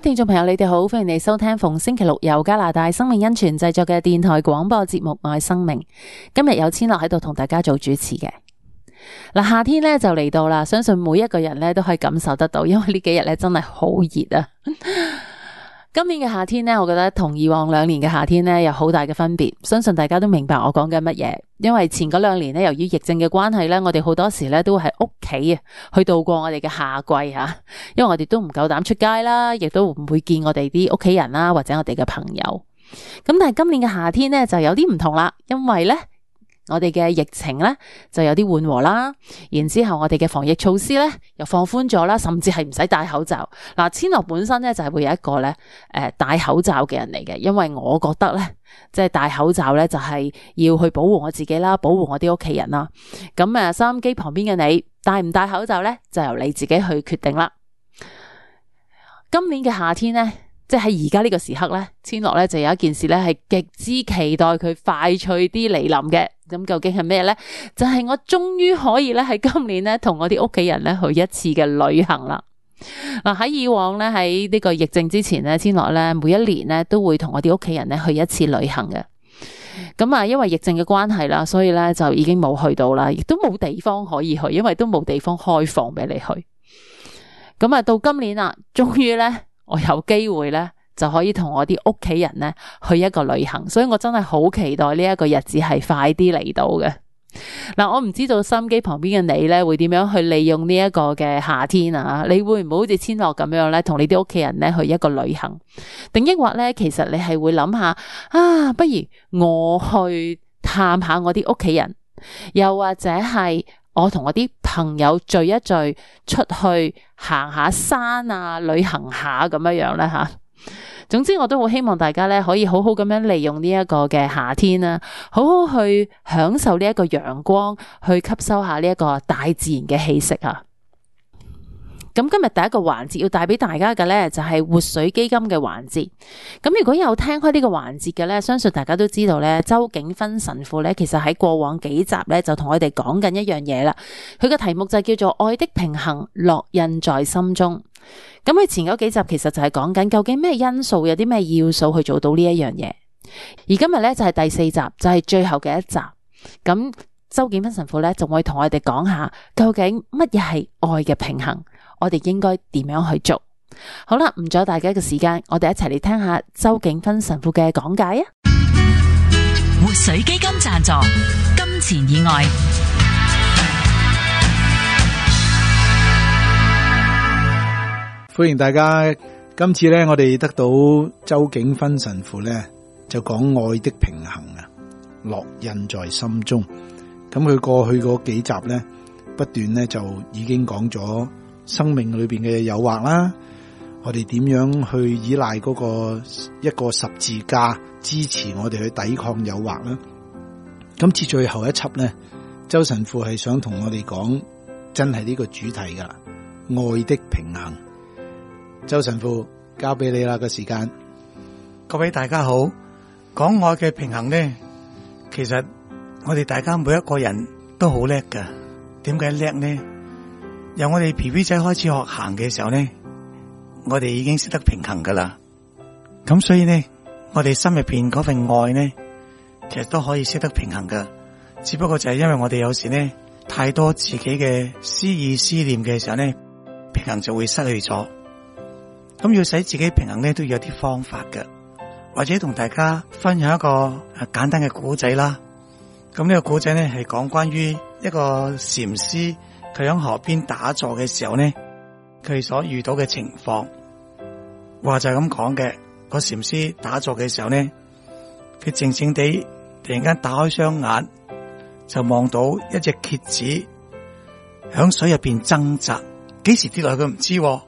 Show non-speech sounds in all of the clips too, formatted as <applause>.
聽眾朋友，你哋好，歡迎你收聽逢星期六由加拿大生命恩泉製作嘅電台廣播節目《愛生命》。今日有千樂喺度同大家做主持嘅嗱，夏天呢就嚟到啦，相信每一個人呢都可以感受得到，因為呢幾日呢真係好熱啊！ <laughs> 今年嘅夏天呢，我覺得同以往兩年嘅夏天呢，有好大嘅分別。相信大家都明白我講緊乜嘢，因為前嗰兩年呢，由於疫症嘅關係呢，我哋好多時呢都喺屋企啊去度過我哋嘅夏季吓，因為我哋都唔夠膽出街啦，亦都唔會見我哋啲屋企人啦，或者我哋嘅朋友。咁但係今年嘅夏天呢，就有啲唔同啦，因為呢。我哋嘅疫情咧就有啲緩和啦，然之後我哋嘅防疫措施咧又放寬咗啦，甚至係唔使戴口罩。嗱，千樂本身咧就係會有一個咧，誒戴口罩嘅人嚟嘅，因為我覺得咧，即係戴口罩咧就係要去保護我自己啦，保護我啲屋企人啦。咁誒，收音機旁邊嘅你戴唔戴口罩咧，就由你自己去決定啦。今年嘅夏天呢，即係喺而家呢個時刻咧，千樂咧就有一件事咧係極之期待佢快脆啲嚟臨嘅。咁究竟係咩呢？就係我終於可以咧，喺今年咧，同我啲屋企人咧去一次嘅旅行啦。嗱，喺以往咧，喺呢個疫症之前咧，先來咧每一年咧都會同我啲屋企人咧去一次旅行嘅。咁啊，因為疫症嘅關係啦，所以咧就已經冇去到啦，亦都冇地方可以去，因為都冇地方開放俾你去。咁啊，到今年啦，終於咧，我有機會啦。就可以同我啲屋企人咧去一個旅行，所以我真係好期待呢一個日子係快啲嚟到嘅。嗱，嗯,我唔知道心機旁邊嘅你咧會點樣去利用呢一個嘅夏天啊？你會唔會好似千樂咁樣咧，同你啲屋企人咧去一個旅行，定抑或咧其實你係會諗下啊，不如我去探下我啲屋企人，又或者係我同我啲朋友聚一聚，出去行下山啊，旅行下咁樣樣咧吓。啊總之，我都好希望大家咧，可以好好咁樣利用呢一個嘅夏天啦，好好去享受呢一個陽光，去吸收下呢一個大自然嘅氣息啊！咁今日第一個環節要帶俾大家嘅呢，就係活水基金嘅環節。咁如果有聽開呢個環節嘅呢，相信大家都知道呢，周景芬神父呢，其實喺過往幾集呢，就同我哋講緊一樣嘢啦。佢個題目就叫做《愛的平衡烙印在心中》。咁佢前嗰幾集其實就係講緊究竟咩因素、有啲咩要素去做到呢一樣嘢。而今日呢，就係第四集，就係最後嘅一集。咁周景芬神父呢，仲會同我哋講下究竟乜嘢係愛嘅平衡。我哋應該點樣去做？好啦，唔阻大家嘅時間，我哋一齊嚟聽下周景芬神父嘅講解啊！活水基金贊助，金錢以外，歡迎大家。今次咧，我哋得到周景芬神父咧，就講愛的平衡啊，烙印在心中。咁佢過去嗰幾集咧，不斷咧就已經講咗。生命裏邊嘅誘惑啦，我哋點樣去依賴嗰個一個十字架支持我哋去抵抗誘惑咧？今次最後一輯咧，周神父係想同我哋講，真係呢個主題噶，愛的平衡。周神父交俾你啦，個時間。各位大家好，講愛嘅平衡咧，其實我哋大家每一個人都好叻噶，點解叻呢？由我哋 bb 仔開始學行嘅時候咧，我哋已經識得平衡噶啦。咁所以呢，我哋心入邊嗰份愛呢，其實都可以識得平衡噶。只不過就係因為我哋有時呢，太多自己嘅思意思念嘅時候呢，平衡就會失去咗。咁要使自己平衡呢，都有啲方法噶，或者同大家分享一個簡單嘅古仔啦。咁呢個古仔呢，係講關於一個禪師。佢喺河邊打坐嘅時候呢，佢所遇到嘅情況，話就係咁講嘅。個禪師打坐嘅時候呢，佢靜靜地突然間打開雙眼，就望到一隻蠍子響水入邊掙扎，幾時跌落去佢唔知啊。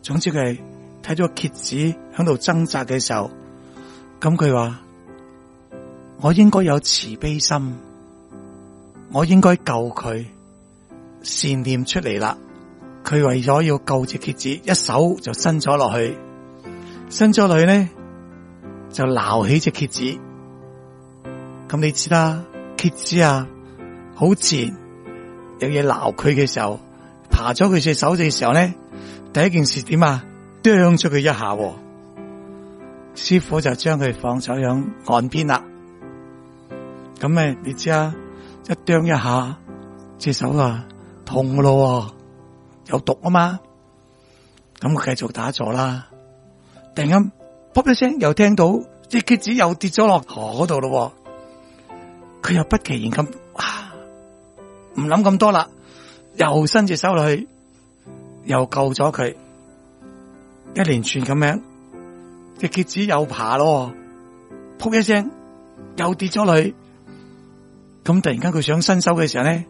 總之佢係睇咗蠍子響度掙扎嘅時候，咁佢話：我應該有慈悲心，我應該救佢。善念出嚟啦，佢為咗要救隻蠍子，一手就伸咗落去，伸咗落去呢，就撈起隻蠍子。咁你知啦，蠍子啊，好賤，有嘢撈佢嘅時候，爬咗佢隻手嘅時候呢，第一件事點、哦、啊？啄咗佢一下，師傅就將佢放咗喺岸邊啦。咁咪你知啊？一啄一下，隻手啊！痛咯，有毒啊嘛！咁我繼續打咗啦。突然間，撲一聲，又聽到隻蝎子又跌咗落河嗰度咯。佢又不其然咁，唔諗咁多啦，又伸隻手落去，又救咗佢。一連串咁樣，隻蝎子又爬咯，撲一聲又跌咗落去。咁突然間佢想伸手嘅時候咧。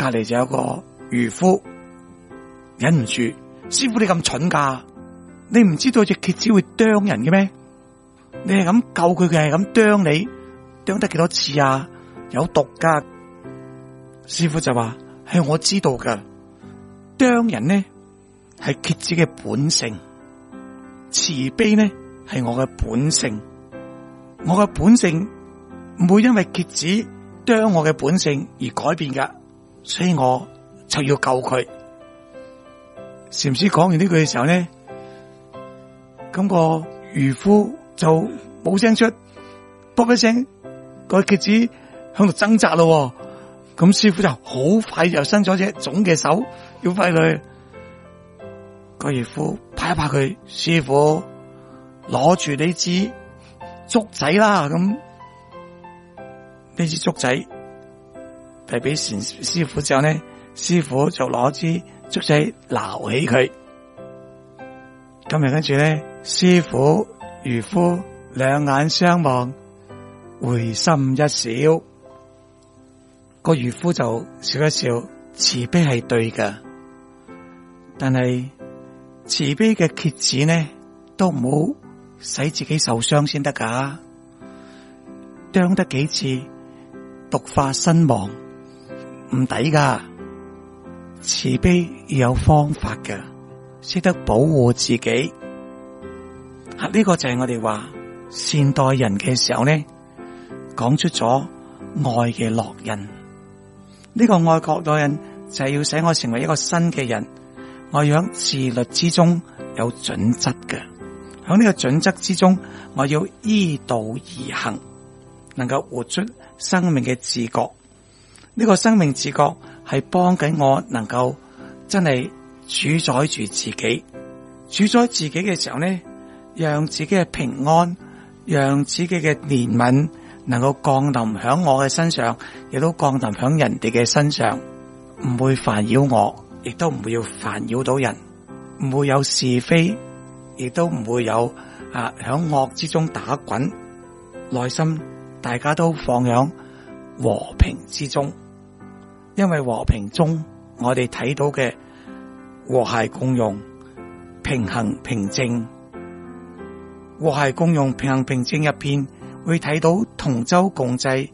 隔籬就有個漁夫，忍唔住，師傅你咁蠢噶？你唔知道隻蠍子會啄人嘅咩？你係咁救佢，佢係咁啄你，啄得幾多次啊？有毒噶，啊。師傅就話：係我知道噶，啄人呢係蠍子嘅本性，慈悲呢係我嘅本性，我嘅本性唔會因為蠍子啄我嘅本性而改變噶。所以我就要救佢。禪師講完呢句嘅時候呢，咁個漁夫就冇聲出，卜一聲，個蠍子響度掙扎咯。咁師傅就好快又伸咗隻腫嘅手，要揮佢。個漁夫拍一拍佢，師傅攞住呢支竹仔啦，咁呢支竹仔。遞俾禪師傅之後呢，師傅就攞支竹仔撈起佢。今日跟住呢，師傅漁夫兩眼相望，會心一笑。個漁夫就笑一笑，慈悲係對噶，但係慈悲嘅蠍子呢，都唔好使自己受傷先得噶，釘得幾次，毒發身亡。唔抵噶，慈悲要有方法噶，識得保護自己。啊，呢個就係我哋話善待人嘅時候呢，講出咗愛嘅烙印。呢個愛國烙印就係要使我成為一個新嘅人，我要喺自律之中有準則嘅，喺呢個準則之中，我要依道而行，能夠活出生命嘅自覺。呢個生命自覺係幫緊我，能夠真係主宰住自己，主宰自己嘅時候呢，讓自己嘅平安，讓自己嘅憐憫能夠降臨響我嘅身上，亦都降臨響人哋嘅身上，唔會煩擾我，亦都唔會要煩擾到人，唔會有是非，亦都唔會有啊，響惡之中打滾，內心大家都放養。和平之中，因為和平中我哋睇到嘅和諧共用、平衡平靜、和諧共用、平衡平靜入邊，會睇到同舟共濟、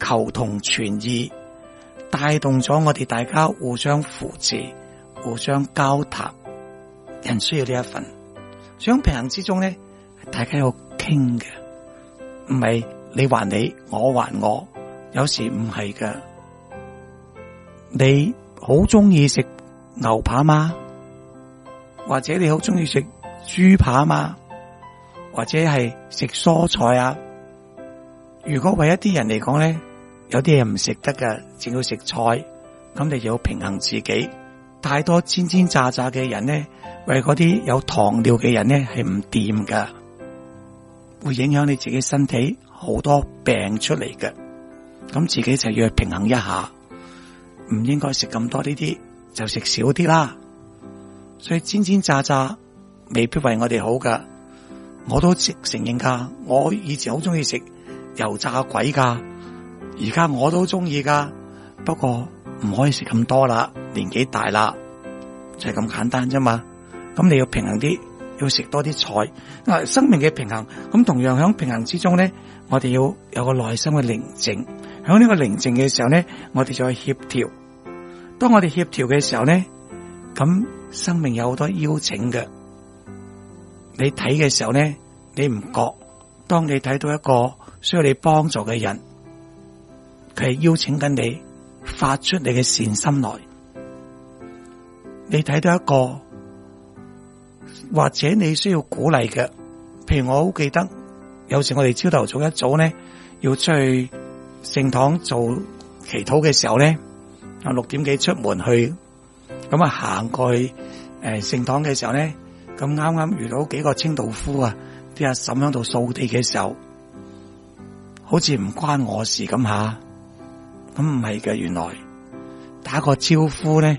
求同存異，帶動咗我哋大家互相扶持、互相交談。人需要呢一份，想平衡之中咧，大家要傾嘅，唔係你還你，我還我。有時唔係嘅，你好中意食牛扒嗎？或者你好中意食豬扒嗎？或者係食蔬菜啊？如果為一啲人嚟講咧，有啲嘢唔食得嘅，淨要食菜，咁你就要平衡自己。太多煎煎炸炸嘅人呢，為嗰啲有糖尿嘅人呢，係唔掂噶，會影響你自己身體好多病出嚟嘅。咁自己就要去平衡一下，唔應該食咁多呢啲，就食少啲啦。所以煎煎炸炸未必為我哋好噶，我都承承認噶，我以前好中意食油炸鬼噶，而家我都中意噶，不過唔可以食咁多啦，年紀大啦，就係咁簡單啫嘛。咁你要平衡啲，要食多啲菜。嗱，生命嘅平衡，咁同樣響平衡之中咧，我哋要有個內心嘅寧靜。喺呢個寧靜嘅時候咧，我哋就再協調。當我哋協調嘅時候咧，咁生命有好多邀請嘅。你睇嘅時候咧，你唔覺。當你睇到一個需要你幫助嘅人，佢係邀請緊你發出你嘅善心來。你睇到一個或者你需要鼓勵嘅，譬如我好記得，有時我哋朝頭早一早咧要出去。聖堂做祈禱嘅時候咧，我六點幾出門去，咁啊行過去誒、呃、聖堂嘅時候咧，咁啱啱遇到幾個清道夫啊，啲阿嬸喺度掃地嘅時候，好似唔關我事咁吓，咁唔係嘅，原來打個招呼咧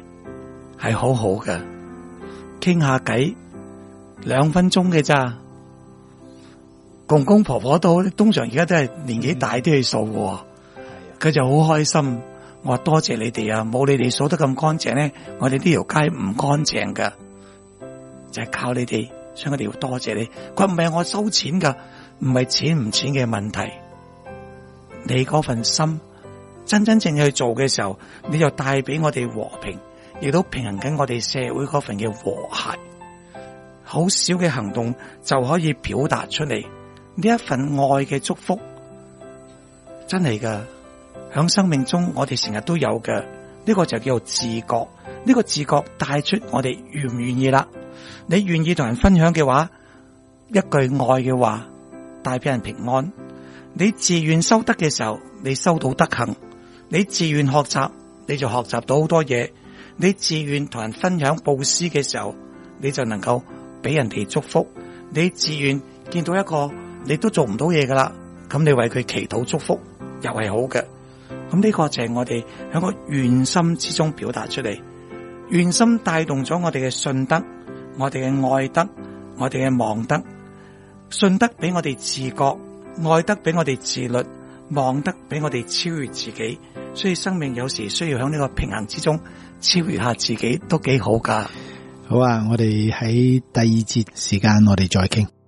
係好好嘅，傾下偈兩分鐘嘅咋，公公婆婆婆都通常而家都係年紀大啲去掃嘅。佢就好開心，我話多謝你哋啊！冇你哋掃得咁乾淨咧，我哋呢條街唔乾淨噶，就係靠你哋，所以我哋要多謝你。佢唔係我收錢噶，唔係錢唔錢嘅問題，你嗰份心真真正正去做嘅時候，你就帶俾我哋和平，亦都平衡緊我哋社會嗰份嘅和諧。好少嘅行動就可以表達出嚟呢一份愛嘅祝福，真係噶。響生命中，我哋成日都有嘅，呢個就叫做自覺。呢個自覺帶出我哋願唔願意啦。你願意同人分享嘅話，一句愛嘅話帶俾人平安。你自願修德嘅時候，你收到德行；你自願學習，你就學習到好多嘢。你自願同人分享布施嘅時候，你就能夠俾人哋祝福。你自願見到一個你都做唔到嘢噶啦，咁你為佢祈禱祝福又係好嘅。咁呢個就係我哋喺個願心之中表達出嚟，願心帶動咗我哋嘅信德，我哋嘅愛德，我哋嘅望德。信德俾我哋自覺，愛德俾我哋自律，望德俾我哋超越自己。所以生命有時需要喺呢個平衡之中超越下自己都幾好噶。好啊，我哋喺第二節時間我哋再傾。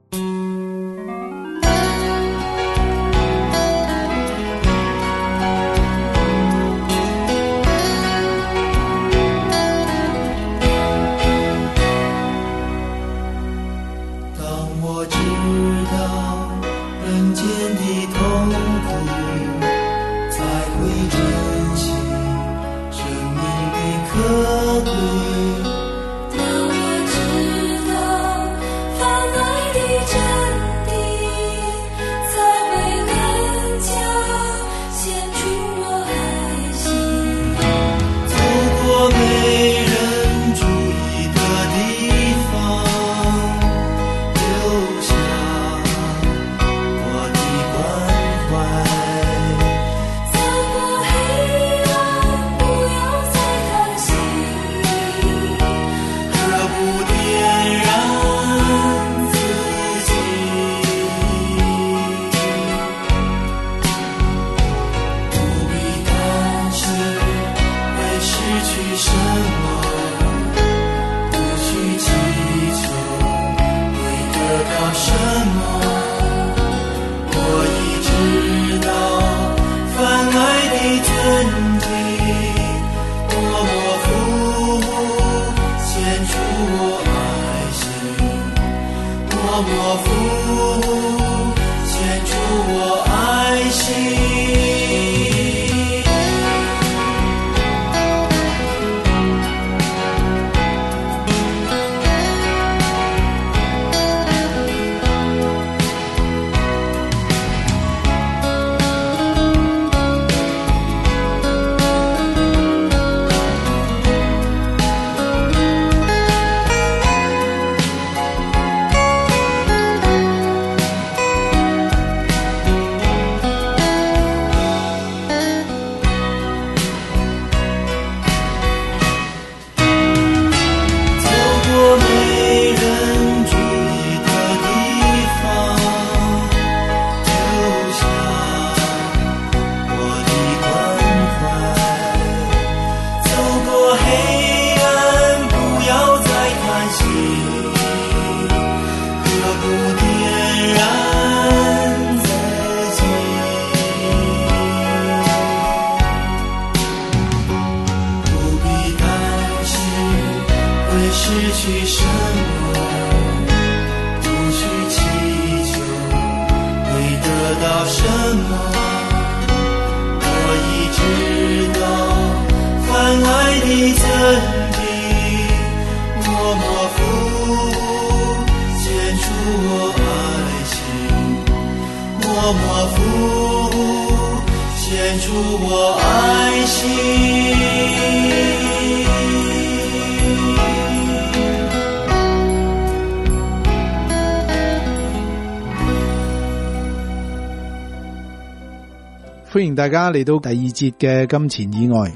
大家嚟到第二節嘅金錢以外，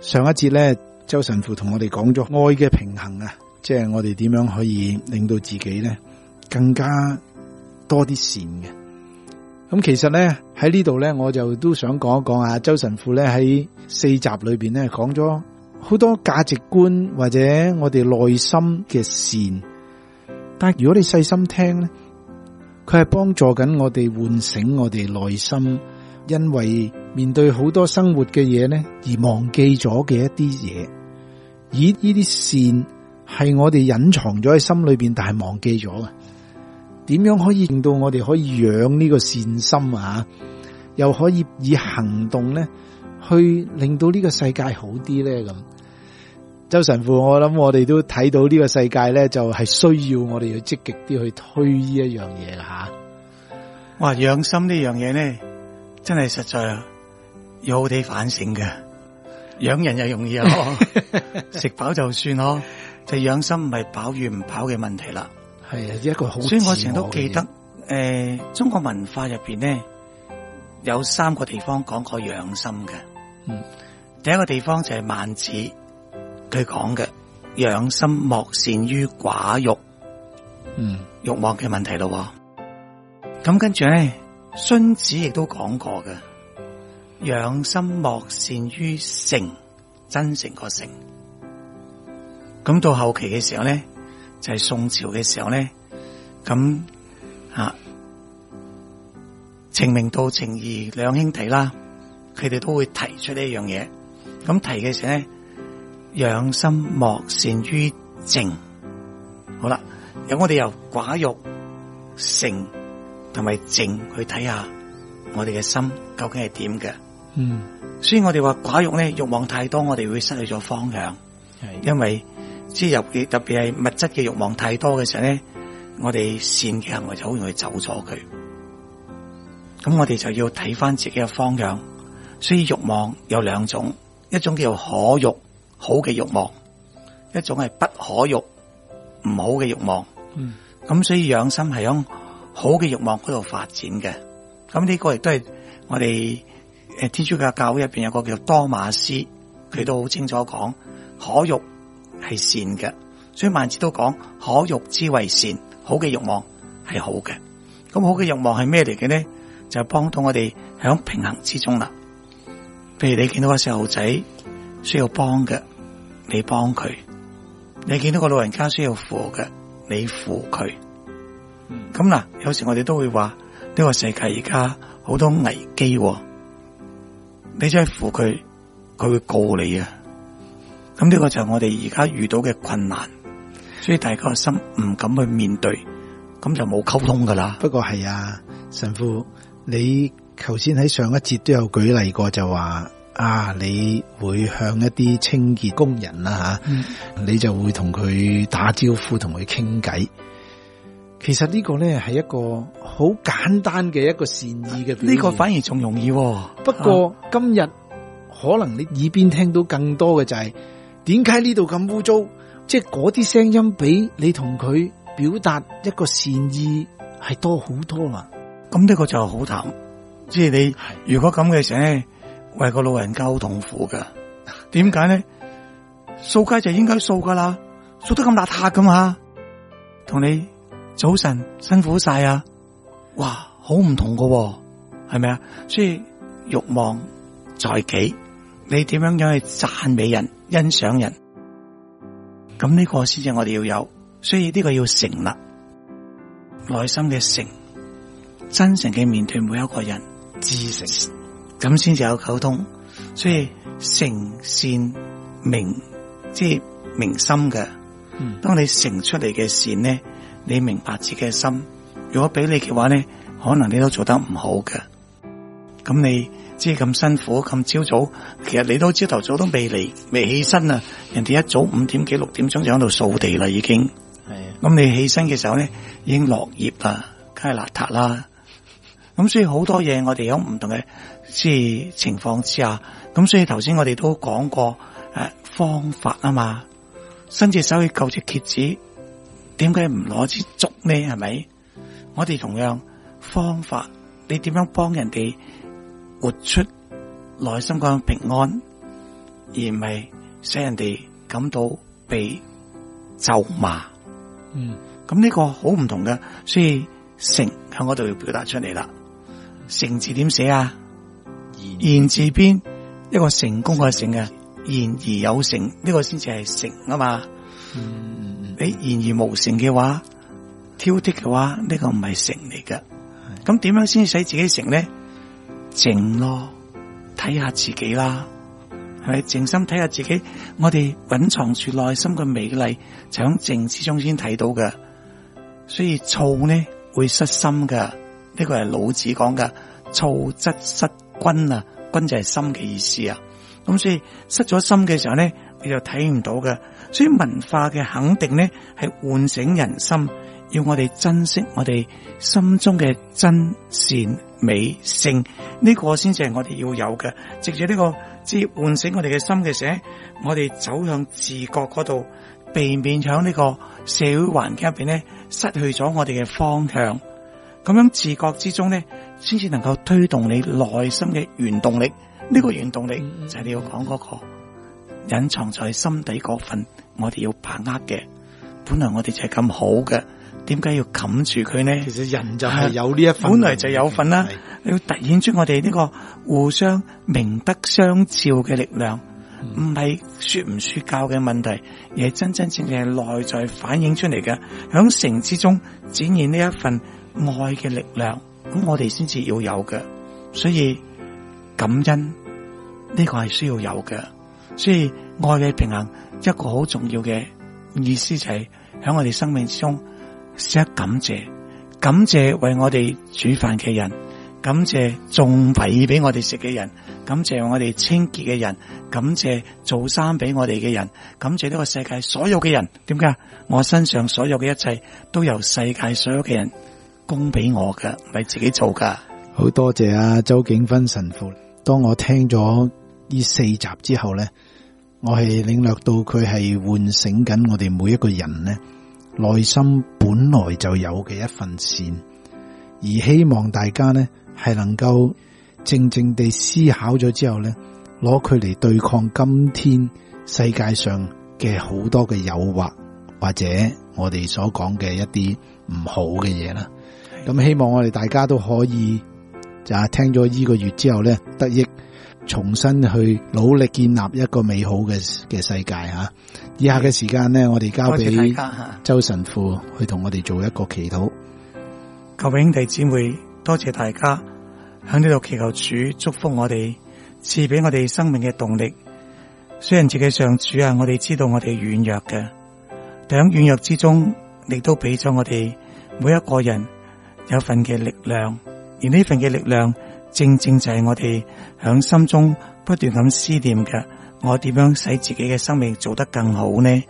上一節咧，周神父同我哋講咗愛嘅平衡啊，即係我哋點樣可以令到自己咧更加多啲善嘅。咁、嗯、其實咧喺呢度咧，我就都想講一講啊，周神父咧喺四集裏邊咧講咗好多價值觀或者我哋內心嘅善，但如果你細心聽咧，佢係幫助緊我哋喚醒我哋內心。因為面對好多生活嘅嘢咧，而忘記咗嘅一啲嘢，咦呢啲善係我哋隱藏咗喺心裏邊，但係忘記咗嘅。點樣可以令到我哋可以養呢個善心啊？又可以以行動咧，去令到呢個世界好啲咧？咁，周神父，我諗我哋都睇到呢個世界咧，就係需要我哋要積極啲去推呢一樣嘢啊！哇，養心呢樣嘢咧～真係實在好啊，有地反省嘅養人又容易咯，食飽就算咯，就養心唔係飽與唔飽嘅問題啦。係啊，一個好。所以我成日都記得誒、嗯呃，中國文化入邊咧有三個地方講過養心嘅。嗯，第一個地方就係孟子佢講嘅養心莫善於寡、嗯、欲，嗯，欲望嘅問題咯。咁跟住。荀子亦都講過嘅，養心莫善於誠，真誠個誠。咁到後期嘅時候咧，就係、是、宋朝嘅時候咧，咁啊，程明道、程頤兩兄弟啦，佢哋都會提出呢一樣嘢。咁提嘅時候咧，養心莫善於誠。好啦，由我哋由寡欲誠。同埋靜去睇下我哋嘅心究竟係點嘅，嗯，所以我哋話寡欲咧，欲望太多，我哋會失去咗方向，係的因為即係尤其特別係物質嘅欲望太多嘅時候咧，我哋善嘅行為就好容易走咗佢，咁我哋就要睇翻自己嘅方向。所以欲望有兩種，一種叫可欲好嘅欲望，一種係不可欲唔好嘅欲望，嗯，咁所以養心係咁。好嘅欲望嗰度發展嘅，咁呢個亦都係我哋誒天主教教會入邊有個叫做多馬斯，佢都好清楚講可欲係善嘅，所以萬智都講可欲之為善，好嘅欲望係好嘅，咁好嘅欲望係咩嚟嘅呢？就係幫到我哋響平衡之中啦。譬如你見到個細路仔需要幫嘅，你幫佢；你見到個老人家需要扶嘅，你扶佢。咁嗱、嗯，有時我哋都會話呢、這個世界而家好多危機，哦，你真係扶佢，佢會告你啊！咁呢個就係我哋而家遇到嘅困難，所以大家個心唔敢去面對，咁就冇溝通噶啦。不過係啊，神父，你頭先喺上一節都有舉例過就，就話啊，你會向一啲清潔工人啦吓，啊嗯、你就會同佢打招呼，同佢傾偈。其實呢個咧係一個好簡單嘅一個善意嘅表現，呢個反而仲容易、啊。不過、啊、今日可能你耳邊聽到更多嘅就係、是，點解呢度咁污糟？即係嗰啲聲音比你同佢表達一個善意係多好多啊！咁呢、嗯、個就係好淡。即、就、係、是、你是的 如果咁嘅時咧，為個老人家好痛苦噶。點解咧？掃街就應該掃噶啦，掃得咁邋遢噶嘛，同你。早晨辛苦晒啊！哇，好唔同噶，哦，係咪啊？所以欲望在己，你點樣樣去讚美人、欣賞人？咁呢個先至我哋要有，所以呢個要成立內心嘅誠，真誠嘅面對每一個人，至誠咁先至有溝通。所以誠、善、明，即係明心嘅。嗯、當你誠出嚟嘅善呢？你明白自己嘅心，如果俾你嘅話咧，可能你都做得唔好嘅。咁你即係咁辛苦，咁朝早，其實你都朝頭早都未嚟，未起身啊！人哋一早五點幾、六點鐘就喺度掃地啦，已經。係咁的你起身嘅時候咧，已經落葉啊，梗係邋遢啦。咁所以好多嘢，我哋有唔同嘅即係情況之下，咁所以頭先我哋都講過誒、啊、方法啊嘛，伸隻手去救隻蠍子。點解唔攞支竹呢？係咪？我哋同樣方法，你點樣幫人哋活出內心嗰種平安，而唔係使人哋感到被咒罵？嗯，咁呢個好唔同嘅，所以誠向我度要表達出嚟啦。誠字點寫啊？言，言字邊一個成功嘅誠嘅，言而有誠，呢個先至係誠啊嘛。嗯誒，言而無成嘅話，挑剔嘅話，呢個唔係成嚟嘅。咁點樣先使自己成呢？靜咯，睇下自己啦，係咪靜心睇下自己？我哋蘊藏住內心嘅美麗，就喺靜之中先睇到嘅。所以躁呢會失心嘅，呢個係老子講嘅，躁則失君啊，君就係心嘅意思啊。咁所以失咗心嘅時候咧。你就睇唔到嘅，所以文化嘅肯定咧，係喚醒人心，要我哋珍惜我哋心中嘅真善美性，呢個先至係我哋要有嘅。藉住呢個，即喚醒我哋嘅心嘅時候，我哋走向自覺嗰度，避免響呢個社會環境入邊咧，失去咗我哋嘅方向。咁樣自覺之中咧，先至能夠推動你內心嘅原動力。呢個原動力就係你要講嗰個。隱藏在心底嗰份，我哋要把握嘅。本來我哋就係咁好嘅，點解要冚住佢呢？其實人就係有呢一份、啊，本來就有份啦、啊。你的要凸顯出我哋呢個互相明德相照嘅力量，唔係、嗯、說唔說教嘅問題，而係真真正正內在反映出嚟嘅。響城之中展現呢一份愛嘅力量，咁我哋先至要有嘅。所以感恩呢、這個係需要有嘅。所以愛嘅平衡一個好重要嘅意思就係、是、喺我哋生命之中識得感謝，感謝為我哋煮飯嘅人，感謝種米俾我哋食嘅人，感謝我哋清潔嘅人，感謝做衫俾我哋嘅人，感謝呢個世界所有嘅人。點解？我身上所有嘅一切都由世界所有嘅人供俾我噶，唔係自己做噶。好多謝啊，周景芬神父。當我聽咗。呢四集之後咧，我係領略到佢係喚醒緊我哋每一個人咧，內心本來就有嘅一份善，而希望大家咧係能夠靜靜地思考咗之後咧，攞佢嚟對抗今天世界上嘅好多嘅誘惑，或者我哋所講嘅一啲唔好嘅嘢啦。咁希望我哋大家都可以就係聽咗呢個月之後咧得益。重新去努力建立一個美好嘅嘅世界吓，以下嘅時間咧，的我哋交俾周神父，周神父去同我哋做一個祈禱。各位兄弟姊妹，多謝大家響呢度祈求主祝福我哋，賜俾我哋生命嘅動力。雖然自己上主啊，我哋知道我哋軟弱嘅，但喺軟弱之中，亦都俾咗我哋每一個人有份嘅力量，而呢份嘅力量。正正就係我哋響心中不斷咁思念嘅，我點樣使自己嘅生命做得更好呢？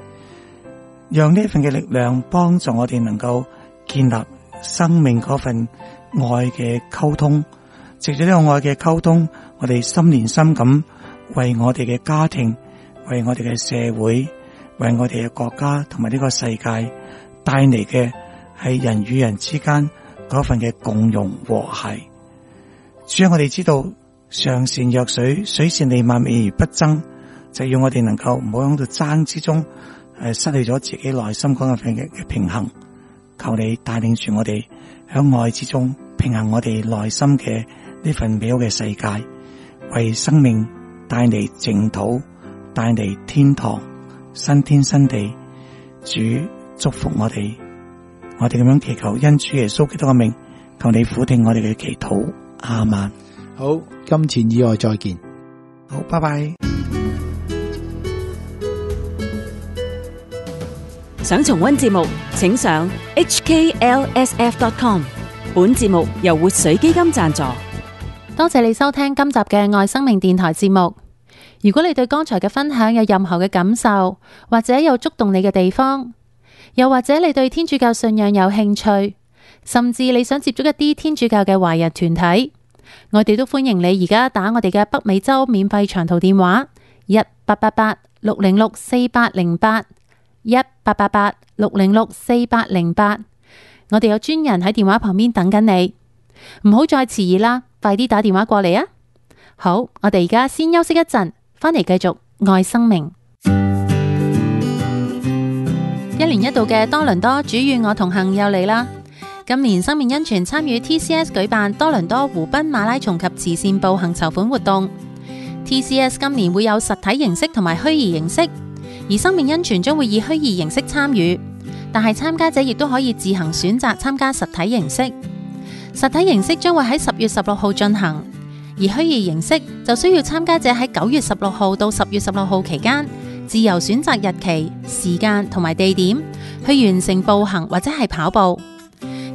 讓呢份嘅力量幫助我哋能夠建立生命嗰份愛嘅溝通，藉住呢個愛嘅溝通，我哋心連心咁為我哋嘅家庭、為我哋嘅社會、為我哋嘅國家同埋呢個世界帶嚟嘅係人與人之間嗰份嘅共融和諧。主，我哋知道上善若水，水善利萬物而不爭，就係要我哋能夠唔好響度爭之中，誒，失去咗自己內心嗰一份嘅平衡。求你帶領住我哋響愛之中平衡我哋內心嘅呢份美好嘅世界，為生命帶嚟淨土，帶嚟天堂，新天新地。主祝福我哋，我哋咁樣祈求，因主耶穌基督嘅名求你俯聽我哋嘅祈禱。阿曼，好，金錢以外再見，好，拜拜。想重溫節目，請上 HKLSF dot com。本節目由活水基金贊助，多謝你收聽今集嘅愛生命電台節目。如果你對剛才嘅分享有任何嘅感受，或者有觸動你嘅地方，又或者你對天主教信仰有興趣。甚至你想接觸一啲天主教嘅華人團體，我哋都歡迎你而家打我哋嘅北美洲免費長途電話一八八八六零六四八零八一八八八六零六四八零八，我哋有專人喺電話旁邊等緊你，唔好再遲疑啦，快啲打電話過嚟啊！好，我哋而家先休息一陣，返嚟繼續愛生命。 <music> 一年一度嘅多倫多主與我同行又嚟啦！今年生命恩泉參與 TCS 舉辦多倫多湖濱馬拉松及慈善步行籌款活動。TCS 今年會有實體形式同埋虛擬形式，而生命恩泉將會以虛擬形式參與，但係參加者亦都可以自行選擇參加實體形式。實體形式將會喺十月十六號進行，而虛擬形式就需要參加者喺九月十六號到十月十六號期間自由選擇日期、時間同埋地點去完成步行或者係跑步。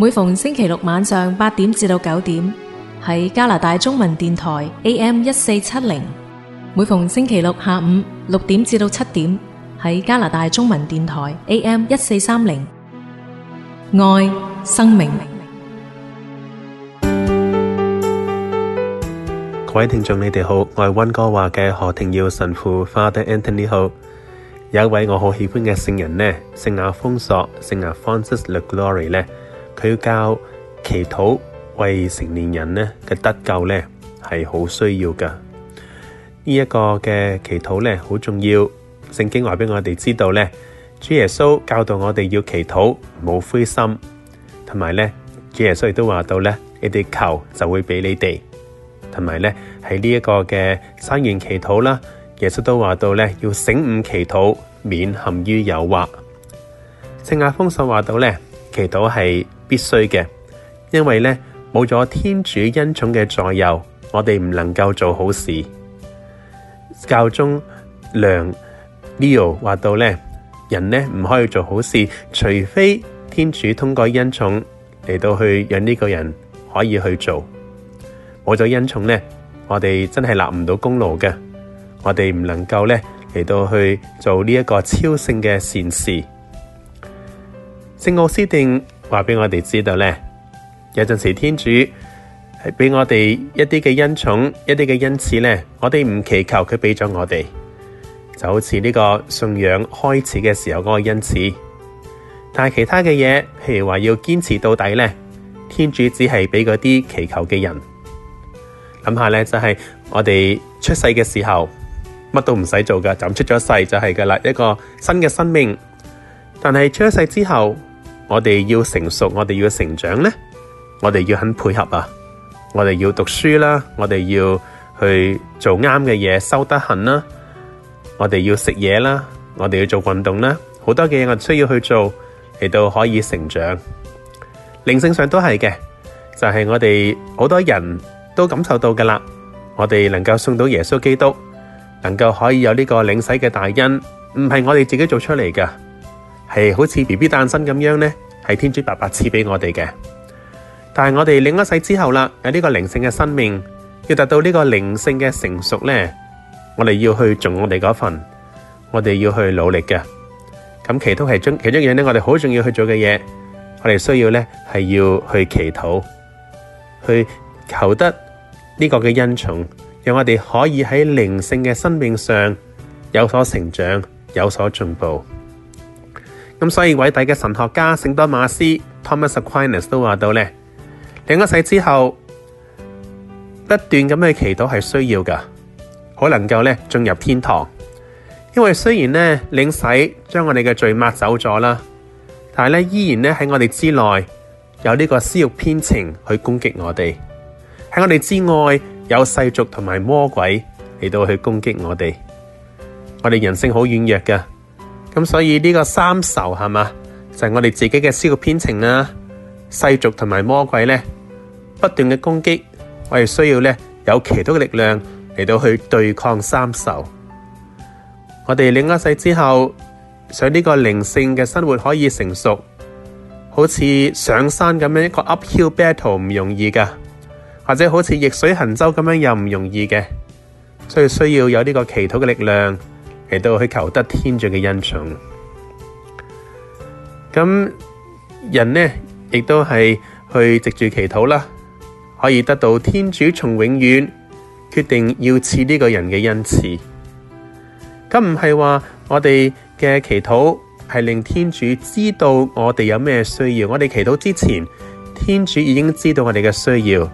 每逢星期六晚上八點至到九點喺加拿大中文電台 A.M. 一四七零；每逢星期六下午六點至到七點喺加拿大中文電台 A.M. 一四三零。愛生命，各位聽眾，你哋好，我係溫哥華嘅何庭耀神父 Father Anthony。好，有一位我好喜歡嘅聖人呢，聖亞豐索，聖亞 Francis de Glory 呢？佢教祈禱為成年人咧嘅得救咧係好需要噶呢一個嘅祈禱咧好重要。聖經話俾我哋知道咧，主耶穌教導我哋要祈禱，冇灰心，同埋咧，主耶穌亦都話到咧，你哋求就會俾你哋。同埋咧，喺呢一個嘅山園祈禱啦，耶穌都話到咧要醒悟祈禱，免陷於誘惑。聖亞風信話到咧，祈禱係。必須嘅，因為咧冇咗天主恩寵嘅助佑，我哋唔能夠做好事。教宗良 Leo 話到咧，人咧唔可以做好事，除非天主通過恩寵嚟到去讓呢個人可以去做。冇咗恩寵咧，我哋真係立唔到功勞嘅，我哋唔能夠咧嚟到去做呢一個超性嘅善事。聖奧斯定。話俾我哋知道呢，有陣時天主係俾我哋一啲嘅恩寵，一啲嘅恩賜呢，我哋唔祈求佢俾咗我哋，就好似呢個信仰開始嘅時候嗰個恩賜。但係其他嘅嘢，譬如話要堅持到底呢，天主只係俾嗰啲祈求嘅人。諗下呢，就係我哋出世嘅時候，乜都唔使做噶，就出咗世就係噶啦，一個新嘅生命。但係出咗世之後，我哋要成熟，我哋要成長咧，我哋要肯配合啊！我哋要讀書啦，我哋要去做啱嘅嘢，收得狠啦，我哋要食嘢啦，我哋要做運動啦，好多嘅嘢我需要去做，嚟到可以成長。靈性上都係嘅，就係我哋好多人都感受到噶啦，我哋能夠送到耶穌基督，能夠可以有呢個領洗嘅大恩，唔係我哋自己做出嚟噶。係好似 B B 誕生咁樣咧，係天主爸爸賜俾我哋嘅。但係我哋領一世之後啦，有呢個靈性嘅生命，要達到呢個靈性嘅成熟咧，我哋要去做我哋嗰份，我哋要去努力嘅。咁祈禱係中其中一樣咧，我哋好重要去做嘅嘢。我哋需要咧，係要去祈禱，去求得呢個嘅恩寵，讓我哋可以喺靈性嘅生命上有所成長，有所進步。咁所以偉大嘅神學家聖多馬斯 （Thomas Aquinas） 都話到咧，領咗洗之後不斷咁去祈禱係需要噶可能夠咧進入天堂。因為雖然咧領洗將我哋嘅罪抹走咗啦，但係咧依然咧喺我哋之內有呢個私慾偏情去攻擊我哋，喺我哋之外有世俗同埋魔鬼嚟到去攻擊我哋，我哋人性好軟弱噶。咁所以呢個三仇係嘛，就係、是、我哋自己嘅思想編程啦、啊、世俗同埋魔鬼咧不斷嘅攻擊，我哋需要咧有祈禱嘅力量嚟到去對抗三仇。我哋領咗洗之後，想呢個靈性嘅生活可以成熟，好似上山咁樣一個 uphill battle 唔容易㗎，或者好似逆水行舟咁樣又唔容易嘅，所以需要有呢個祈禱嘅力量。嚟到去求得天主嘅恩寵，咁人呢亦都係去藉住祈禱啦，可以得到天主從永遠決定要賜呢個人嘅恩慈。咁唔係話我哋嘅祈禱係令天主知道我哋有咩需要，我哋祈禱之前，天主已經知道我哋嘅需要。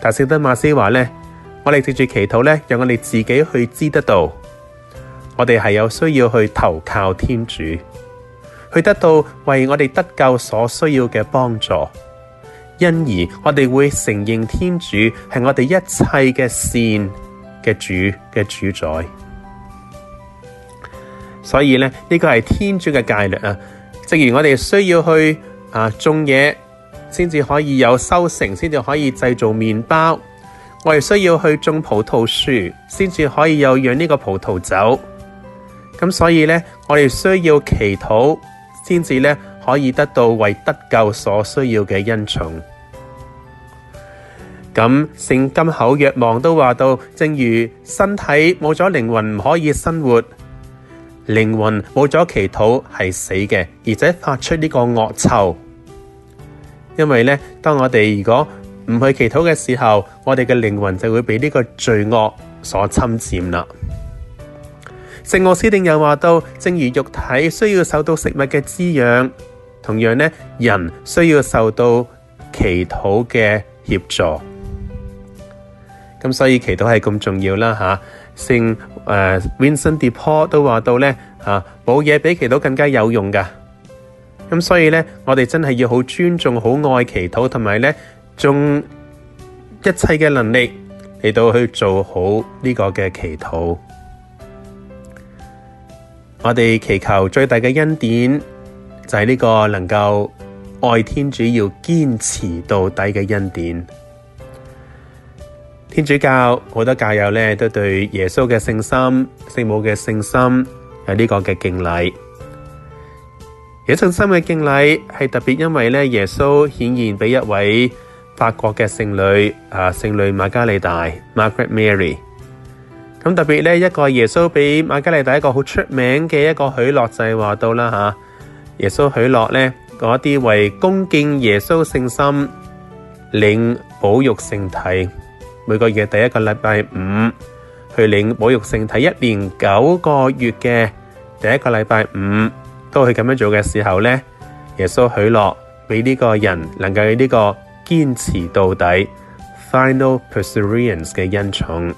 但聖德馬斯話呢：「我哋藉住祈禱呢，讓我哋自己去知得到。我哋係有需要去投靠天主，去得到為我哋得救所需要嘅幫助，因而我哋會承認天主係我哋一切嘅善嘅主嘅主宰。所以呢，呢個係天主嘅戒律啊！正如我哋需要去啊種嘢，先至可以有收成，先至可以製造麵包；我哋需要去種葡萄樹，先至可以有釀呢個葡萄酒。咁所以呢，我哋需要祈禱，先至呢，可以得到為得救所需要嘅恩寵。咁聖金口若望都話到，正如身體冇咗靈魂唔可以生活，靈魂冇咗祈禱係死嘅，而且發出呢個惡臭。因為呢，當我哋如果唔去祈禱嘅時候，我哋嘅靈魂就會被呢個罪惡所侵佔啦。聖奧斯定又話到，正如肉體需要受到食物嘅滋養，同樣咧，人需要受到祈禱嘅協助。咁、嗯、所以祈禱係咁重要啦，吓、啊。聖誒、呃、Vincent de Paul 都話到咧，吓冇嘢比祈禱更加有用噶。咁、嗯、所以咧，我哋真係要好尊重、好愛祈禱，同埋咧，用一切嘅能力嚟到去做好呢個嘅祈禱。我哋祈求最大嘅恩典，就係呢個能夠愛天主要堅持到底嘅恩典。天主教好多教友咧，都對耶穌嘅聖心、聖母嘅聖心有呢個嘅敬禮。有聖心嘅敬禮係特別，因為咧耶穌顯現俾一位法國嘅聖女啊，聖女瑪加利大 （Margaret Mary）。咁特別咧，一個耶穌俾瑪加利第一個好出名嘅一個許諾就係話到啦嚇，耶穌許諾咧，嗰啲為恭敬耶穌聖心，領保育聖體，每個月第一個禮拜五去領保育聖體，一年九個月嘅第一個禮拜五都去咁樣做嘅時候咧，耶穌許諾俾呢個人能夠有呢個堅持到底，final perseverance 嘅恩寵。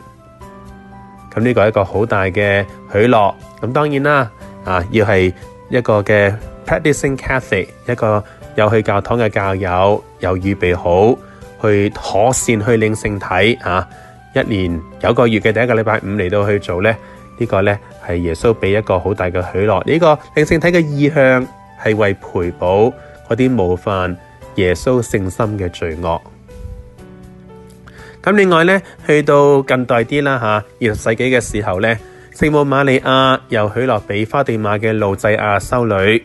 咁呢個係一個好大嘅許諾，咁當然啦，啊，要係一個嘅 Practising Catholic，一個有去教堂嘅教友，有預備好去妥善去領聖體，啊，一年九個月嘅第一個禮拜五嚟到去做咧，呢個咧係耶穌俾一個好大嘅許諾，呢個領聖體嘅意向係為賠補嗰啲冒犯耶穌聖心嘅罪惡。咁另外咧，去到近代啲啦，吓、啊、二十世紀嘅時候咧，聖母瑪利亞由許諾比花地瑪嘅路濟亞修女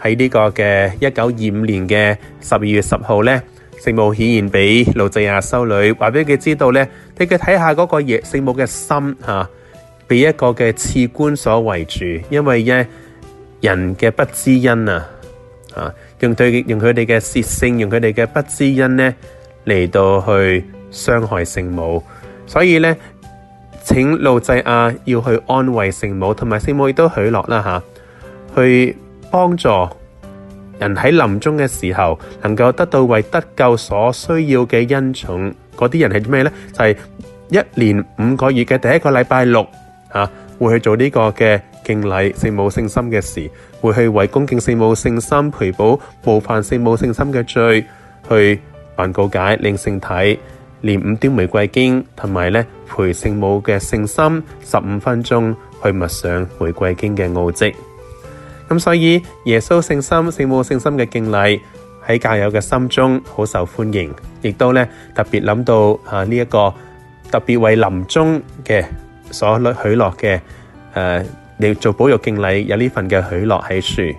喺呢個嘅一九二五年嘅十二月十號咧，聖母顯現俾路濟亞修女，話俾佢知道咧，俾佢睇下嗰個嘢，聖母嘅心吓，被一個嘅次官所圍住，因為咧人嘅不知恩啊，啊用對用佢哋嘅褻聖，用佢哋嘅不知恩咧嚟到去。傷害聖母，所以咧，請路濟亞要去安慰聖母，同埋聖母亦都許諾啦。吓、啊，去幫助人喺臨終嘅時候能夠得到為得救所需要嘅恩寵。嗰啲人係咩呢？就係、是、一年五個月嘅第一個禮拜六嚇、啊，會去做呢個嘅敬禮聖母聖心嘅事，會去為恭敬聖母聖心賠補冒犯聖母聖心嘅罪，去辦告解令聖體。念五端玫瑰經，同埋咧陪聖母嘅聖心十五分鐘去默想玫瑰經嘅奧跡。咁所以耶穌聖心、聖母聖心嘅敬禮喺教友嘅心中好受歡迎，亦都咧特別諗到啊，呢一、這個特別為臨終嘅所許諾嘅誒，你、啊、做保育敬禮有呢份嘅許諾喺書。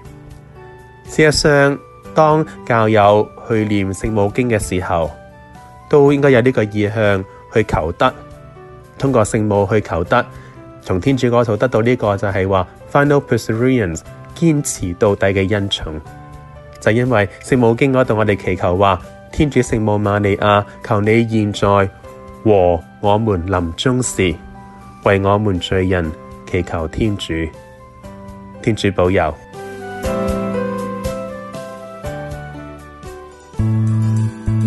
事實上，當教友去念聖母經嘅時候，都應該有呢個意向去求得，通過聖母去求得，從天主嗰度得到呢個就係話 final perseverance 堅持到底嘅恩寵。就因為聖母經嗰度，我哋祈求話，天主聖母瑪利亞，求你現在和我們臨終時為我們罪人祈求天主。天主保佑。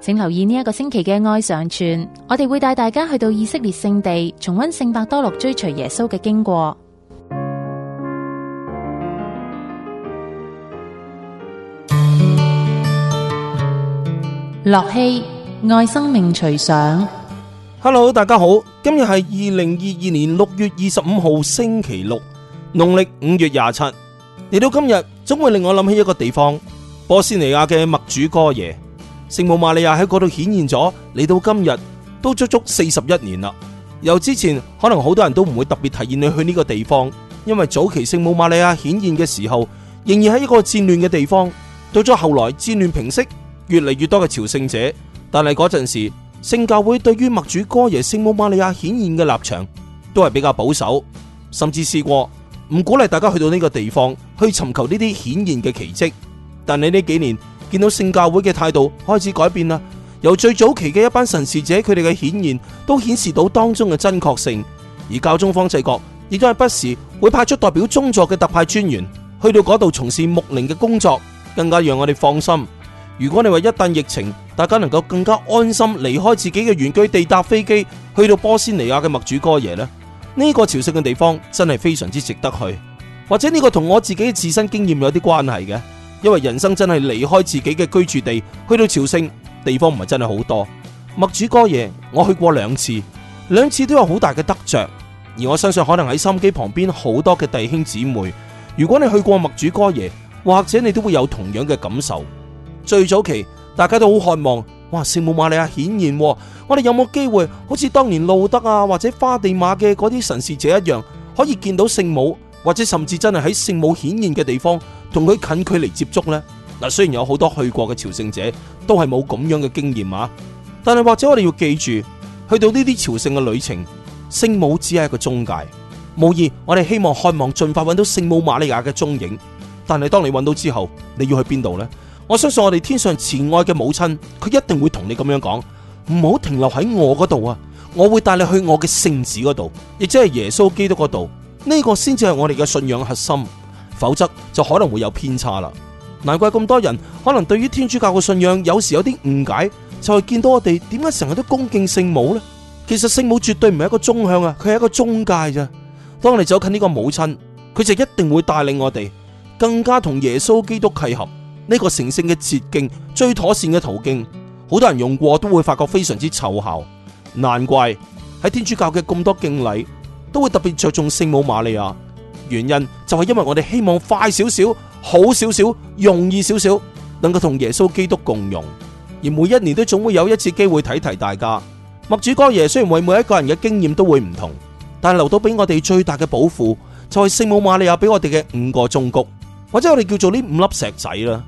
請留意呢一個星期嘅愛上傳，我哋會帶大家去到以色列聖地，重溫聖伯多祿追隨耶穌嘅經過。樂器愛生命隨想，Hello，大家好，今日係二零二二年六月二十五號星期六，農曆五月廿七。嚟到今日，總會令我諗起一個地方——波斯尼亞嘅默主哥耶。聖母瑪利亞喺嗰度顯現咗，嚟到今日都足足四十一年啦。由之前可能好多人都唔會特別提議你去呢個地方，因為早期聖母瑪利亞顯現嘅時候，仍然喺一個戰亂嘅地方。到咗後來戰亂平息，越嚟越多嘅朝聖者，但係嗰陣時聖教會對於默主歌爺聖母瑪利亞顯現嘅立場，都係比較保守，甚至試過唔鼓勵大家去到呢個地方去尋求呢啲顯現嘅奇蹟。但你呢幾年，見到聖教會嘅態度開始改變啦，由最早期嘅一班神事者，佢哋嘅顯現都顯示到當中嘅真確性，而教宗方濟各亦都係不時會派出代表中座嘅特派專員去到嗰度從事牧靈嘅工作，更加讓我哋放心。如果你話一旦疫情，大家能夠更加安心離開自己嘅原居地搭飛機去到波斯尼亞嘅默主哥耶呢，呢、呢個朝聖嘅地方真係非常之值得去，或者呢個同我自己自身經驗有啲關係嘅。因為人生真係離開自己嘅居住地去到朝聖地方唔係真係好多，默主哥耶，我去過兩次，兩次都有好大嘅得着，而我相信可能喺心機旁邊好多嘅弟兄姊妹，如果你去過默主哥耶，或者你都會有同樣嘅感受。最早期大家都好渴望，哇聖母瑪利亞顯現，哦，我哋有冇機會好似當年路德啊或者花地瑪嘅嗰啲神視者一樣，可以見到聖母，或者甚至真係喺聖母顯現嘅地方同佢近距離接觸呢，嗱雖然有好多去過嘅朝聖者都係冇咁樣嘅經驗啊，但係或者我哋要記住，去到呢啲朝聖嘅旅程，聖母只係一個中介。無疑，我哋希望、渴望盡快揾到聖母瑪利亞嘅蹤影。但係當你揾到之後，你要去邊度呢？我相信我哋天上慈愛嘅母親，佢一定會同你咁樣講：唔好停留喺我嗰度啊，我會帶你去我嘅聖子嗰度，亦即係耶穌基督嗰度。呢、這個先至係我哋嘅信仰核心。否則就可能會有偏差啦。難怪咁多人可能對於天主教嘅信仰有時有啲誤解，就係見到我哋點解成日都恭敬聖母呢？其實聖母絕對唔係一個中向啊，佢係一個中介啫。當你走近呢個母親，佢就一定會帶領我哋更加同耶穌基督契合。呢個神聖嘅捷徑，最妥善嘅途徑，好多人用過都會發覺非常之湊效。難怪喺天主教嘅咁多敬禮，都會特別着重聖母瑪利亞。原因就係因為我哋希望快少少、好少少、容易少少，能夠同耶穌基督共融。而每一年都總會有一次機會提提大家。默主哥耶，雖然為每一個人嘅經驗都會唔同，但留到俾我哋最大嘅寶庫，就係、是、聖母瑪利亞俾我哋嘅五個鐘谷，或者我哋叫做呢五粒石仔啦。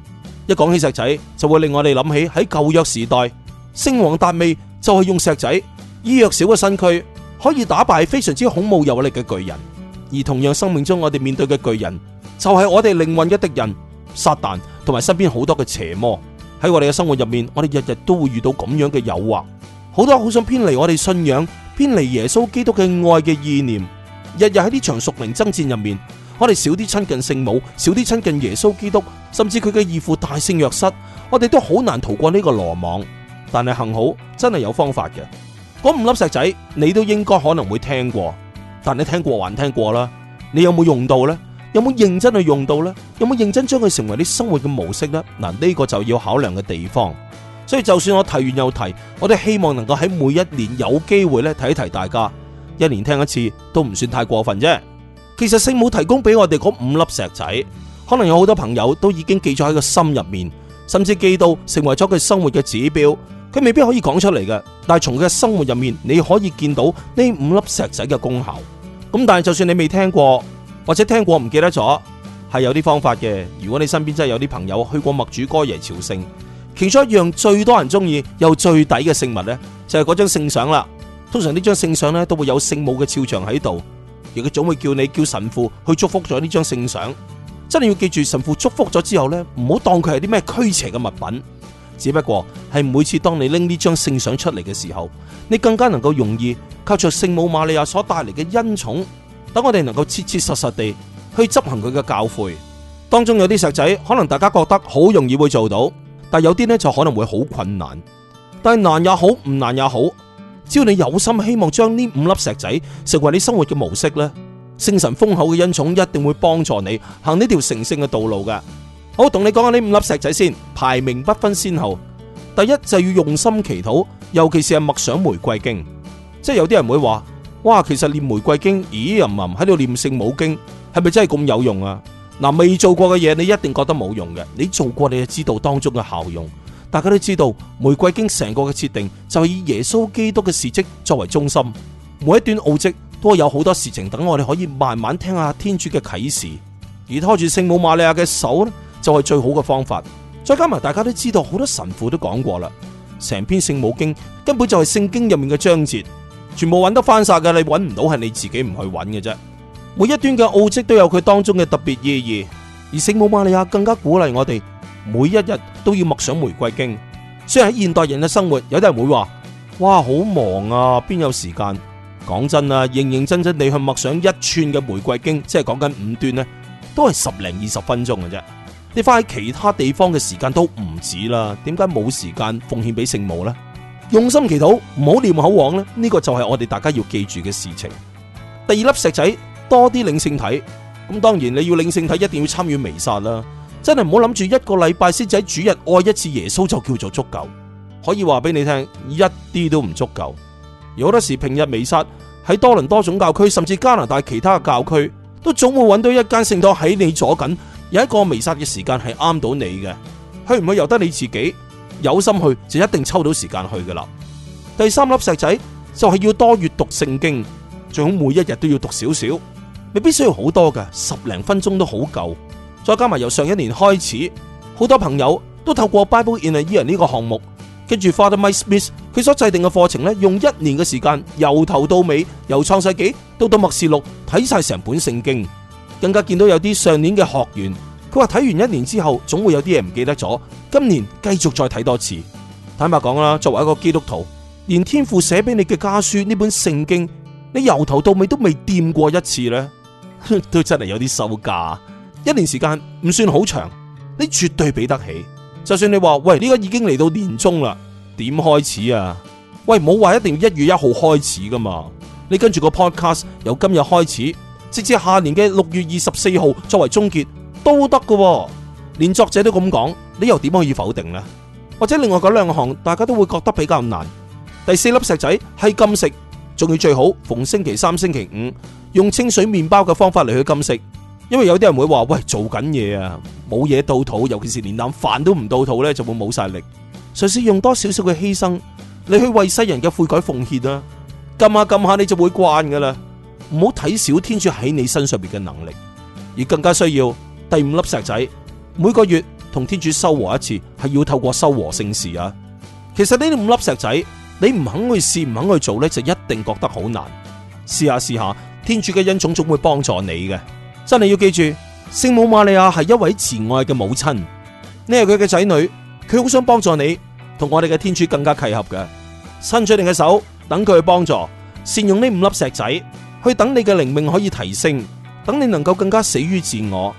一講起石仔，就會令我哋諗起喺舊約時代，聖王達味就係用石仔以弱小嘅身軀，可以打敗非常之恐怖有力嘅巨人。而同樣生命中我哋面對嘅巨人，就係我哋靈魂嘅敵人撒旦同埋身邊好多嘅邪魔。喺我哋嘅生活入面，我哋日日都會遇到咁樣嘅誘惑，好多好想偏離我哋信仰，偏離耶穌基督嘅愛嘅意念。日日喺呢場屬靈爭戰入面，我哋少啲親近聖母，少啲親近耶穌基督，甚至佢嘅義父大聖約瑟。我哋都好難逃過呢個羅網。但係幸好，真係有方法嘅。嗰五粒石仔，你都應該可能會聽過。但你聽過還聽過啦，你有冇用到咧？有冇認真去用到咧？有冇認真將佢成為你生活嘅模式咧？嗱，呢個就要考量嘅地方。所以就算我提完又提，我哋希望能夠喺每一年有機會咧提一提大家，一年聽一次都唔算太過分啫。其實聖母提供俾我哋嗰五粒石仔，可能有好多朋友都已經記咗喺個心入面，甚至記到成為咗佢生活嘅指標。佢未必可以講出嚟嘅，但係從佢嘅生活入面，你可以見到呢五粒石仔嘅功效。咁但係就算你未聽過，或者聽過唔記得咗，係有啲方法嘅。如果你身邊真係有啲朋友去過墨主哥耶朝聖，其中一樣最多人中意又最抵嘅聖物呢，就係、是、嗰張聖相啦。通常呢張聖相呢都會有聖母嘅肖像喺度，而佢總會叫你叫神父去祝福咗呢張聖相。真係要記住，神父祝福咗之後呢，唔好當佢係啲咩驅邪嘅物品。只不過係每次當你拎呢張聖相出嚟嘅時候，你更加能夠容易靠着聖母瑪利亞所帶嚟嘅恩寵，等我哋能夠切切實實地去執行佢嘅教誨。當中有啲石仔，可能大家覺得好容易會做到，但有啲呢就可能會好困難。但係難也好，唔難也好，只要你有心希望將呢五粒石仔成為你生活嘅模式呢，聖神豐厚嘅恩寵一定會幫助你行呢條成聖嘅道路嘅。我同你講下呢五粒石仔先，排名不分先後。第一就要用心祈禱，尤其是係默想玫瑰經。即係有啲人會話：哇，其實念玫瑰經，咦，吟吟喺度念聖母經，係咪真係咁有用啊？嗱，未做過嘅嘢，你一定覺得冇用嘅。你做過，你就知道當中嘅效用。大家都知道玫瑰經成個嘅設定就以耶穌基督嘅事跡作為中心，每一段奧跡都有好多事情等我哋可以慢慢聽下天主嘅啟示，而拖住聖母瑪利亞嘅手就係最好嘅方法，再加埋大家都知道，好多神父都講過啦。成篇聖母經根本就係聖經入面嘅章節，全部揾得翻晒嘅，你揾唔到係你自己唔去揾嘅啫。每一端嘅奧蹟都有佢當中嘅特別意義，而聖母瑪利亞更加鼓勵我哋，每一日都要默想玫瑰經。雖然喺現代人嘅生活，有啲人會話：哇，好忙啊，邊有時間？講真啦，認認真真地去默想一串嘅玫瑰經，即係講緊五端呢，都係十零二十分鐘嘅啫。你花喺其他地方嘅時間都唔止啦，點解冇時間奉獻俾聖母呢？用心祈禱，唔好念口往呢呢、這個就係我哋大家要記住嘅事情。第二粒石仔，多啲領聖體。咁當然你要領聖體，一定要參與彌撒啦。真係唔好諗住一個禮拜先，仔主日愛一次耶穌就叫做足夠。可以話俾你聽，一啲都唔足夠。有好多時平日彌撒喺多倫多總教區，甚至加拿大其他嘅教區，都總會揾到一間聖堂喺你左近。有一個彌撒嘅時間係啱到你嘅，去唔去由得你自己。有心去就一定抽到時間去噶啦。第三粒石仔就係要多閱讀聖經，最好每一日都要讀少少，未必需要好多嘅，十零分鐘都好夠。再加埋由上一年開始，好多朋友都透過 Bible in a Year 呢、這個項目，跟住 Father Mike Smith 佢所制定嘅課程咧，用一年嘅時間由頭到尾，由創世紀到到默示錄睇晒成本聖經。更加見到有啲上年嘅學員，佢話睇完一年之後總會有啲嘢唔記得咗。今年繼續再睇多次。坦白講啦，作為一個基督徒，連天父寫俾你嘅家書呢本聖經，你由頭到尾都未掂過一次呢， <laughs> 都真係有啲羞家。一年時間唔算好長，你絕對俾得起。就算你話喂，呢個已經嚟到年中年終啦，點開始啊？喂，冇話一定要一月一號開始噶嘛？你跟住個 podcast 由今日開始。直至下年嘅六月二十四號作為終結都得嘅。哦，連作者都咁講，你又點可以否定呢？或者另外嗰兩行，大家都會覺得比較難。第四粒石仔係禁食，仲要最好逢星期三、星期五用清水麵包嘅方法嚟去禁食，因為有啲人會話：喂，做緊嘢啊，冇嘢到肚，尤其是連啖飯都唔到肚呢，就會冇晒力。嘗試用多少少嘅犧牲，你去為世人嘅悔改奉獻啊！禁下禁下，你就會慣噶啦。唔好睇小天主喺你身上邊嘅能力，而更加需要第五粒石仔。每個月同天主修和一次，係要透過修和聖事啊。其實呢啲五粒石仔，你唔肯去試，唔肯去做呢，就一定覺得好難。試下試下，天主嘅恩寵總會幫助你嘅。真係要記住，聖母瑪利亞係一位慈愛嘅母親，你係佢嘅仔女，佢好想幫助你，同我哋嘅天主更加契合嘅。伸出你嘅手，等佢去幫助，善用呢五粒石仔。去等你嘅靈命可以提升，等你能夠更加死於自我，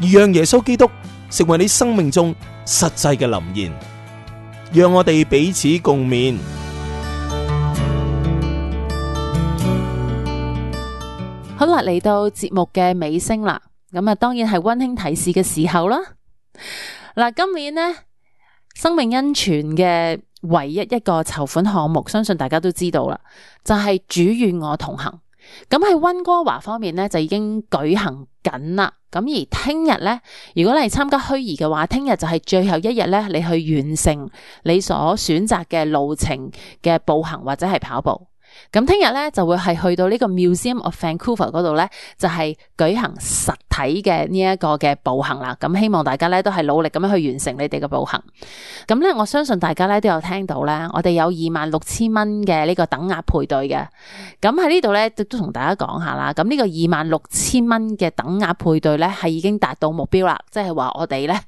而讓耶穌基督成為你生命中實際嘅臨現，讓我哋彼此共勉。好啦，嚟到節目嘅尾聲啦，咁啊，當然係溫馨提示嘅時候啦。嗱，今年呢，生命恩泉嘅唯一一個籌款項目，相信大家都知道啦，就係、是、主與我同行。咁喺溫哥華方面咧，就已經舉行緊啦。咁而聽日咧，如果你係參加虛擬嘅話，聽日就係最後一日咧，你去完成你所選擇嘅路程嘅步行或者係跑步。咁聽日咧就會係去到呢個 Museum of Vancouver 嗰度咧，就係舉行實體嘅呢一個嘅步行啦。咁希望大家咧都係努力咁樣去完成你哋嘅步行。咁咧我相信大家咧都有聽到啦，我哋有二萬六千蚊嘅呢個等額配對嘅。咁喺呢度咧亦都同大家講下啦。咁呢個二萬六千蚊嘅等額配對咧係已經達到目標啦，即係話我哋咧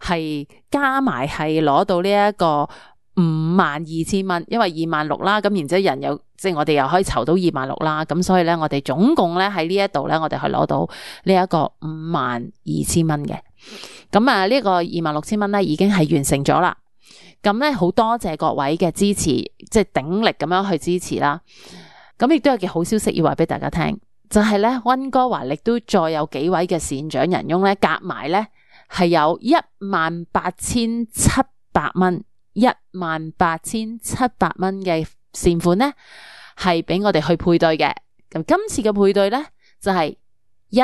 係加埋係攞到呢一個。五萬二千蚊，因為二萬六啦，咁然之後人又即係我哋又可以籌到二萬六啦，咁所以呢，我哋總共呢喺呢一度呢，我哋去攞到呢一個五萬二千蚊嘅。咁、嗯、啊，呢、這、一個二萬六千蚊呢已經係完成咗啦。咁、嗯、呢，好多謝各位嘅支持，即係鼎力咁樣去支持啦。咁、嗯、亦都有件好消息要話俾大家聽，就係、是、呢，溫哥華亦都再有幾位嘅善長人翁呢夾埋呢係有一萬八千七百蚊。一萬八千七百蚊嘅善款呢，係俾我哋去配對嘅。咁今次嘅配對呢，就係一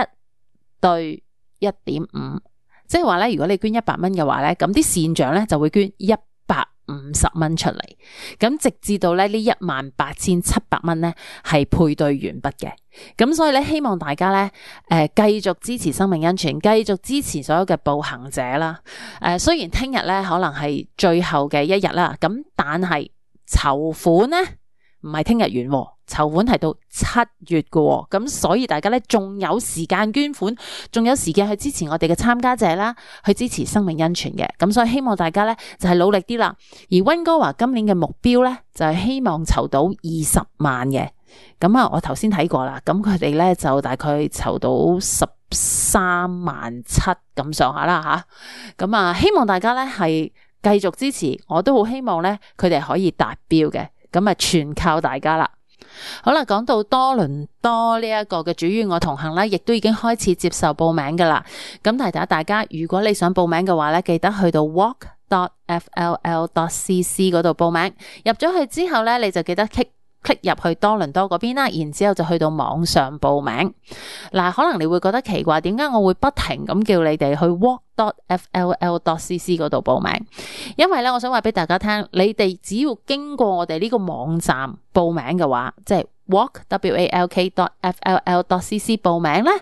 對一點五，即係話呢，如果你捐一百蚊嘅話呢，咁啲善長呢就會捐一。百五十蚊出嚟，咁直至到咧，呢一萬八千七百蚊呢，係配對完畢嘅。咁所以咧，希望大家呢，誒繼續支持生命恩泉，繼續支持所有嘅步行者啦。誒，雖然聽日呢，可能係最後嘅一日啦，咁但係籌款呢，唔係聽日完喎。籌款提到七月㗎、喎，咁所以大家咧仲有時間捐款，仲有時間去支持我哋嘅參加者啦，去支持生命恩泉嘅。咁所以希望大家咧就係努力啲啦。而溫哥華今年嘅目標咧就係、是、希望籌到二十萬嘅。咁啊，我頭先睇過啦，咁佢哋咧就大概籌到十三萬七咁上下啦吓。咁啊，希望大家咧係繼續支持，我都好希望咧佢哋可以達標嘅。咁啊，全靠大家啦。好啦，講到多倫多呢一個嘅‘主與我同行’啦，亦都已經開始接受報名噶啦。咁提提大家，如果你想報名嘅話咧，記得去到 walk.fll.cc 嗰度報名。入咗去之後咧，你就記得 click 入去多倫多嗰邊啦，然之後就去到網上報名。嗱，可能你會覺得奇怪，點解我會不停咁叫你哋去 walk.dot.fll.dot.cc 嗰度報名？因為咧，我想話俾大家聽，你哋只要經過我哋呢個網站報名嘅話，即係 walk.w.a.l.k.dot.f.l.l.dot.c.c 報名咧，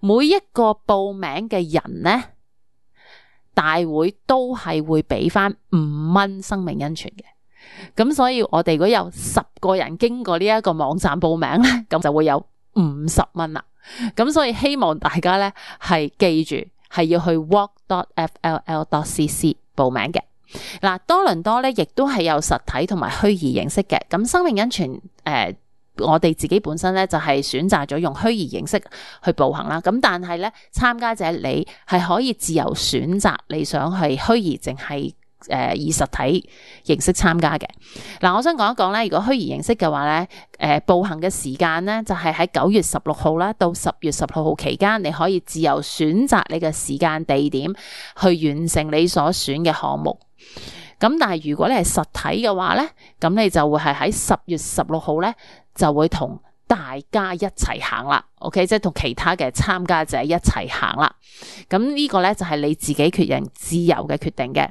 每一個報名嘅人呢，大會都係會俾翻五蚊生命恩泉嘅。咁所以我哋如果有十個人經過呢一個網站報名咧，咁就會有五十蚊啦。咁所以希望大家咧係記住係要去 walk.fll.cc 報名嘅。嗱，多倫多咧亦都係有實體同埋虛擬形式嘅。咁生命安全誒、呃，我哋自己本身咧就係、是、選擇咗用虛擬形式去步行啦。咁但係咧，參加者你係可以自由選擇你想係虛擬定係。誒，以實體形式參加嘅嗱、嗯，我想講一講咧。如果虛擬形式嘅話咧，誒、呃，步行嘅時間咧就係喺九月十六號啦到十月十六號期間，你可以自由選擇你嘅時間地點去完成你所選嘅項目。咁、嗯、但係如果你係實體嘅話咧，咁你就會係喺十月十六號咧就會同大家一齊行啦。OK，即係同其他嘅參加者一齊行啦。咁、嗯這個、呢個咧就係、是、你自己決定、自由嘅決定嘅。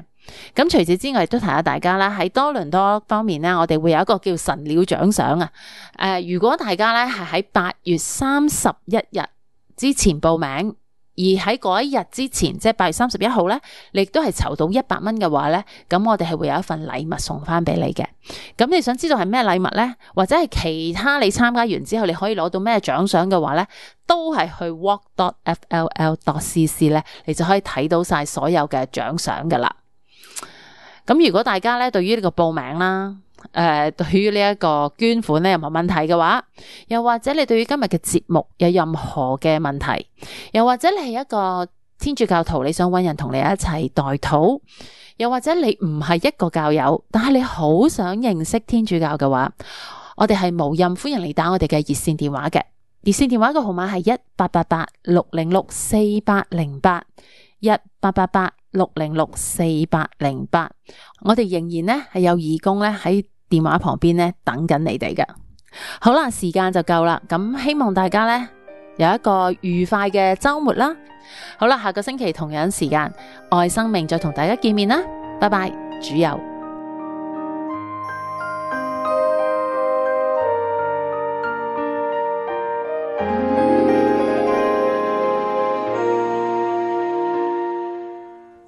咁除此之外，都提下大家啦。喺多倫多方面呢，我哋會有一個叫神鳥獎賞啊。誒、呃，如果大家呢係喺八月三十一日之前報名，而喺嗰一日之前，即係八月三十一號呢，你都係籌到一百蚊嘅話呢，咁我哋係會有一份禮物送翻俾你嘅。咁你想知道係咩禮物呢？或者係其他你參加完之後你可以攞到咩獎賞嘅話呢，都係去 walk.FLL.cc 呢，你就可以睇到晒所有嘅獎賞噶啦。咁如果大家咧，對於呢個報名啦，誒、呃，對於呢一個捐款咧，任何問題嘅話，又或者你對於今日嘅節目有任何嘅問題，又或者你係一個天主教徒，你想揾人同你一齊代禱，又或者你唔係一個教友，但係你好想認識天主教嘅話，我哋係無任歡迎你打我哋嘅熱線電話嘅，熱線電話個號碼係一八八八六零六四八零八一八八八。六零六四八零八，8，我哋仍然呢係有義工呢喺電話旁邊呢等緊你哋㗎。好啦，時間就夠啦，咁希望大家呢有一個愉快嘅周末啦。好啦，下個星期同樣時間愛生命再同大家見面啦，拜拜，主佑。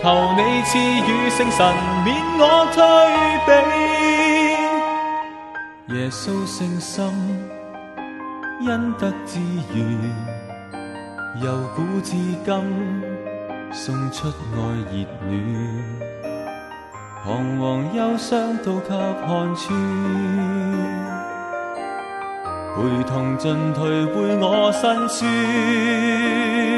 求你賜予聖神，免我退避。耶穌聖心，恩德之源，由古至今，送出愛熱暖。彷徨憂傷都給看穿，陪同進退，伴我辛酸。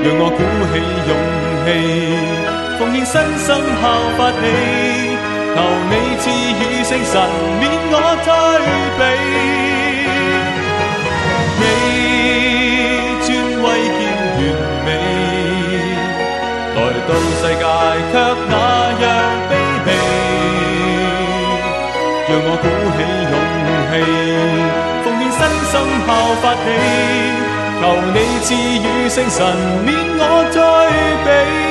讓我鼓起勇氣，奉獻身心效法你，求你賜以聖神免我懼怕。 <noise> 你專為見完美，來到世界卻那樣卑微。讓我鼓起勇氣，奉獻身心效法你。求你賜予星辰，免我罪彼。